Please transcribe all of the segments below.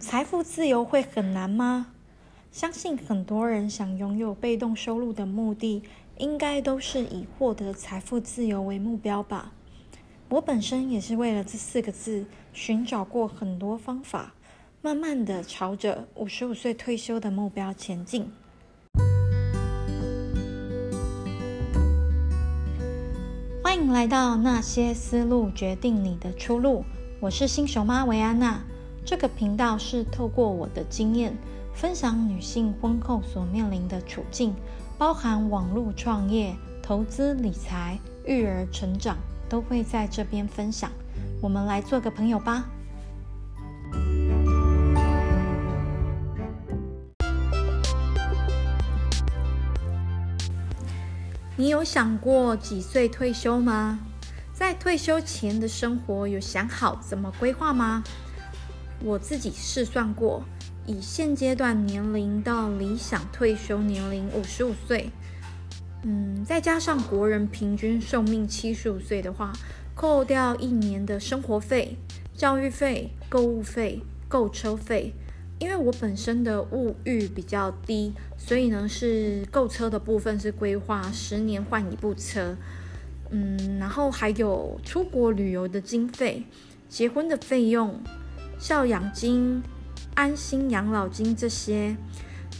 財富自由會很難嗎？相信很多人想擁有被動收入的目的，應該都是以獲得財富自由為目標吧。我本身也是為了這四個字，尋找過很多方法，慢慢的朝着五十五歲退休的目標前進。歡迎來到那些思路決定你的出路，我是新手媽維安娜。這個頻道是透過我的經驗，分享女性婚後所面臨的處境，包含網絡創業、投資理財、育兒成長，都會在這邊分享。我們來做個朋友吧。你有想過幾歲退休嗎？在退休前的生活有想好怎麼規劃嗎？我自己試算過，以現階段年齡到理想退休年齡五十五歲，嗯，再加上國人平均壽命七十五歲的話，扣掉一年的生活費、教育費、購物費、購車費。因為我本身的物欲比較低，所以呢，是購車的部分是規劃十年換一部車，嗯，然後還有出國旅遊的經費、結婚的費用。孝養金、安心養老金這些，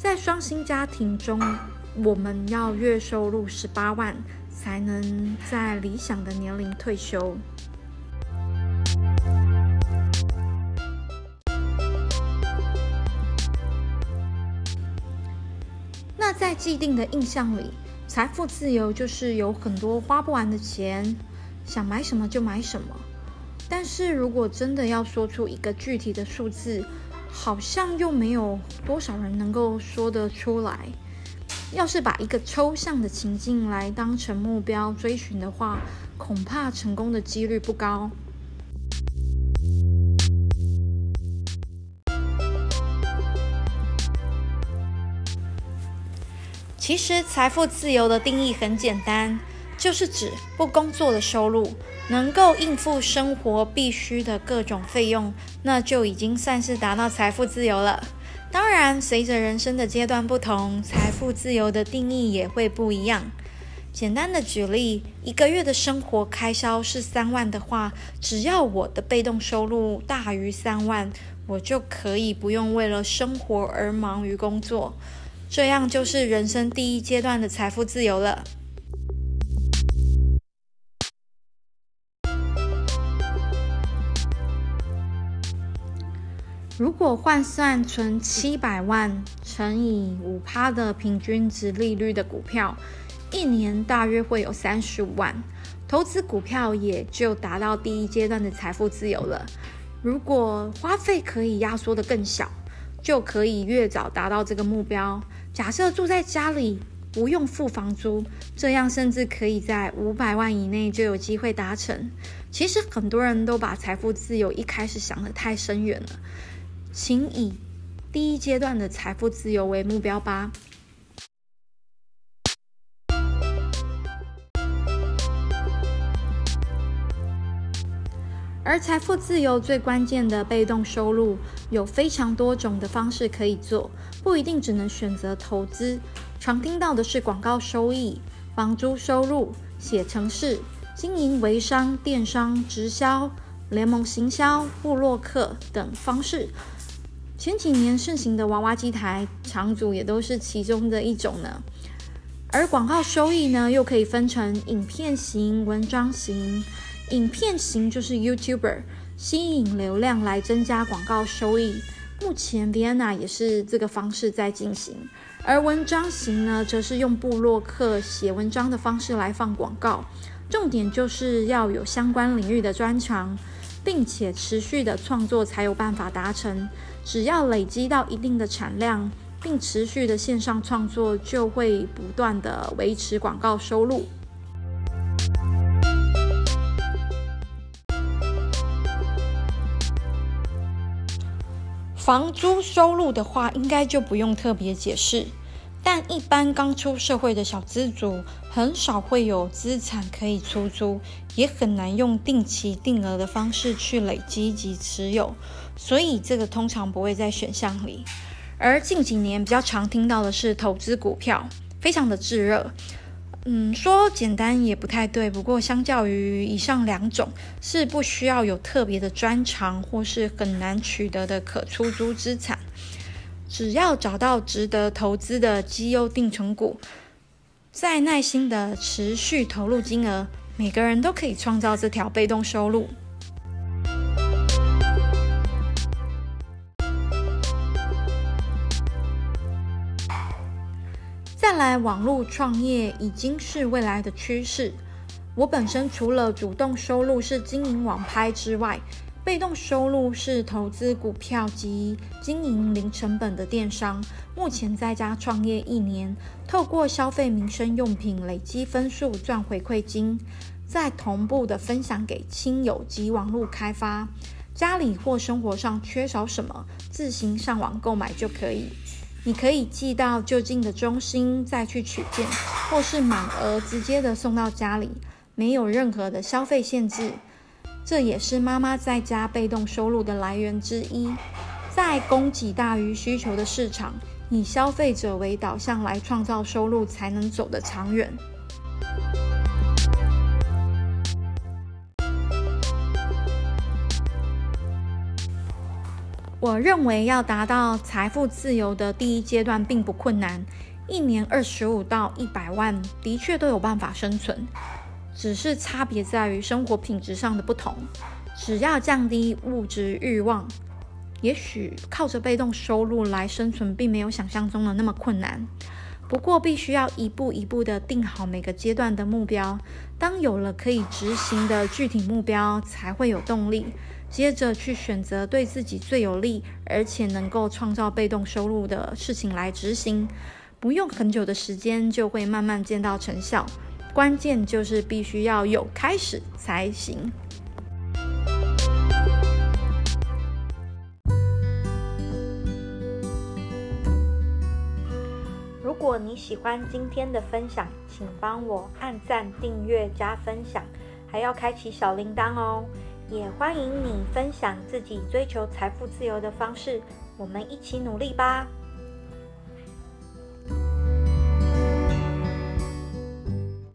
在雙薪家庭中，我們要月收入十八萬，才能在理想的年齡退休。 那在既定的印象裡，財富自由就是有很多花不完的錢，想買什麼就買什麼。但是如果真的要說出一個具體的數字，好像又沒有多少人能夠說得出來。要是把一個抽象的情境來當成目標追尋的話，恐怕成功的幾率不高。其實，財富自由的定義很簡單。就是指不工作的收入能夠應付生活必須的各種費用，那就已經算是達到財富自由了。當然，隨着人生的階段不同，財富自由的定義也會不一樣。簡單的舉例，一個月的生活開銷是三萬的話，只要我的被動收入大於三萬，我就可以不用為了生活而忙於工作，這樣就是人生第一階段的財富自由了。如果換算存七百萬乘以五趴的平均殖利率的股票，一年大約會有三十五萬，投資股票也就達到第一階段的財富自由了。如果花費可以壓縮得更小，就可以越早達到這個目標。假設住在家裡不用付房租，這樣甚至可以在五百萬以內就有機會達成。其實很多人都把財富自由一開始想得太深遠了。請以第一階段的財富自由為目標吧。而財富自由最關鍵的被動收入，有非常多種的方式可以做，不一定只能選擇投資。常聽到的是廣告收益、房租收入、寫程式、經營微商、電商、直銷、聯盟行銷、部落客等方式。前幾年盛行的娃娃機台場主也都是其中的一種呢。而廣告收益呢，又可以分成影片型、文章型。影片型就是 YouTuber，吸引流量來增加廣告收益。目前 Vienna 也是這個方式在進行。而文章型呢，則是用部落客寫文章的方式來放廣告。重點就是要有相關領域的專長，並且持續的創作才有辦法達成。只要累積到一定的產量，並持續的線上創作，就會不斷的維持廣告收入。房租收入的話應該就不用特別解釋。但一般剛出社會的小資族，很少會有資產可以出租，也很難用定期定額的方式去累積及持有，所以這個通常不會在選項裡。而近幾年比較常聽到的是投資股票，非常的炙熱。嗯，說簡單也不太對，不過相較於以上兩種，是不需要有特別的專長或是很難取得的可出租資產。只要找到值得投資的績優定存股，再耐心的持續投入金額，每個人都可以創造這條被動收入。再來，網路創業已經是未來的趨勢。我本身除了主動收入是經營網拍之外，被動收入是投資股票及經營零成本的電商。目前在家創業一年，透過消費民生用品累積分數賺回饋金，再同步的分享給親友及網絡開發。家裡或生活上缺少什麼，自行上網購買就可以。你可以寄到就近的中心，再去取件，或是滿額直接的送到家裡，沒有任何的消費限制。這也是媽媽在家被動收入的來源之一。在供給大於需求的市場，以消費者為導向來創造收入，才能走得長遠。我認為要達到財富自由的第一階段並不困難，一年二十五到一百萬，的確都有辦法生存。只是差別在於生活品質上的不同。只要降低物質慾望，也許靠着被動收入來生存，並沒有想象中的那麼困難。不過，必須要一步一步地定好每個階段的目標。當有了可以執行的具體目標，才會有動力。接着去選擇對自己最有利，而且能夠創造被動收入的事情來執行，不用很久的時間，就會慢慢見到成效。關鍵就是必須要有開始才行。如果你喜歡今天的分享，請幫我按讚、訂閱、加分享，還要開啟小鈴鐺哦。也歡迎你分享自己追求財富自由的方式，我們一起努力吧。